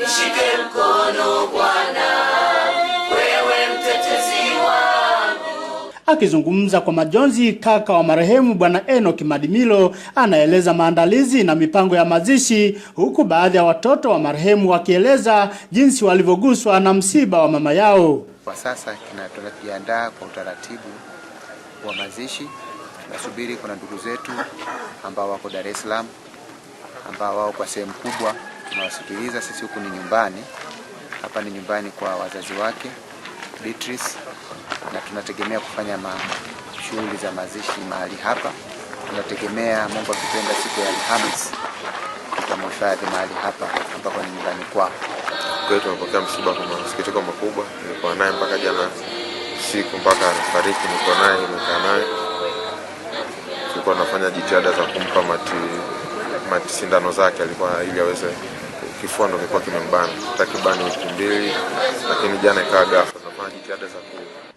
nishike mkono Bwana, wewe mtetezi wangu. Akizungumza kwa majonzi, kaka wa marehemu Bwana enoki Madimilo anaeleza maandalizi na mipango ya mazishi, huku baadhi ya watoto wa marehemu wakieleza jinsi walivyoguswa na msiba wa mama yao. Kwa sasa tunajiandaa kwa utaratibu wa mazishi, tunasubiri kuna ndugu zetu ambao wako Dar es Salaam ambao wao kwa sehemu kubwa tunawasikiliza sisi. Huku ni nyumbani, hapa ni nyumbani kwa wazazi wake Beatrice, na tunategemea kufanya shughuli za mazishi mahali hapa. Tunategemea Mungu akipenda, siku ya Alhamisi tutamhifadhi mahali hapa ambako ni nyumbani kwao. hiyo tumepokea msiba kwa masikitiko makubwa. Nilikuwa naye mpaka jana siku mpaka anafariki, nilikuwa naye, nimekaa naye, tulikuwa tunafanya jitihada za kumpa mati, mati sindano zake alikuwa ili aweze kifua ndo kilikuwa kimembana takribani wiki mbili, lakini jana ikawa ghafla. Jitihada za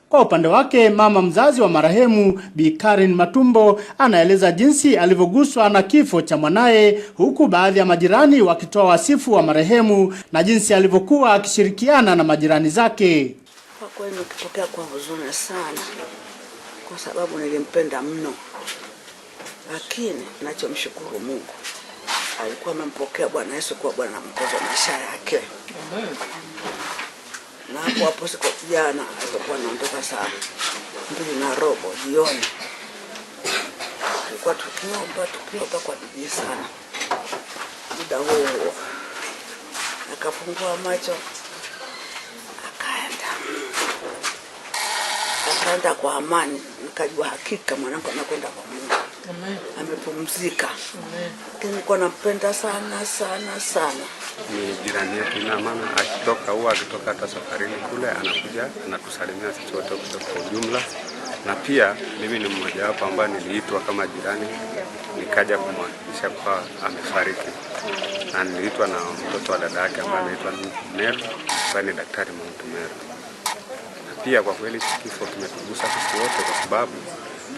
kwa upande wake mama mzazi wa marehemu Bi Karen Matumbo anaeleza jinsi alivyoguswa na kifo cha mwanaye, huku baadhi ya majirani wakitoa wasifu wa marehemu na jinsi alivyokuwa akishirikiana na majirani zake. Kwa kweli nikipokea kwa huzuni sana, kwa sababu nilimpenda mno, lakini nachomshukuru Mungu alikuwa amempokea Bwana Yesu kuwa Bwana na Mwokozi wa maisha yake. Na hapo hapo siku jana alikuwa anaondoka saa mbili na robo jioni, alikuwa tukiomba tukiomba kwa bidii sana. Muda huo akafungua macho akaenda akaenda kwa amani, nikajua hakika mwanangu anakwenda kwa Mungu amepumzika. kwa anampenda sana sana sana. Ni jirani yetu, na maana akitoka huwa akitoka hata safarini kule anakuja anatusalimia sisi wote kwa ujumla, na pia mimi ni mmojawapo ambaye niliitwa kama jirani nikaja kumwakikisha kwa amefariki, na niliitwa na mtoto wa dada yake ambaye anaitwa Mel ambaye ni daktari Mwantumeru, na pia kwa kweli kifo kimetugusa sisi wote kwa sababu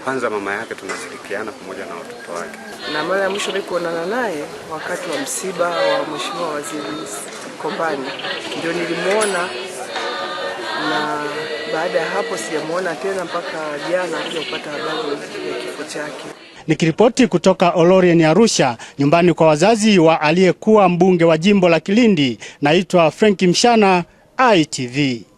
kwanza mama yake tunashirikiana pamoja na watoto wake, na mara ya mwisho nilikuonana naye wakati wa msiba wa mheshimiwa waziri Kombani, ndio nilimwona, na baada ya hapo sijamwona tena mpaka jana kuja kupata habari ya kifo chake. Nikiripoti kutoka olorieni Arusha, nyumbani kwa wazazi wa aliyekuwa mbunge wa jimbo la Kilindi, naitwa Frank Mshana, ITV.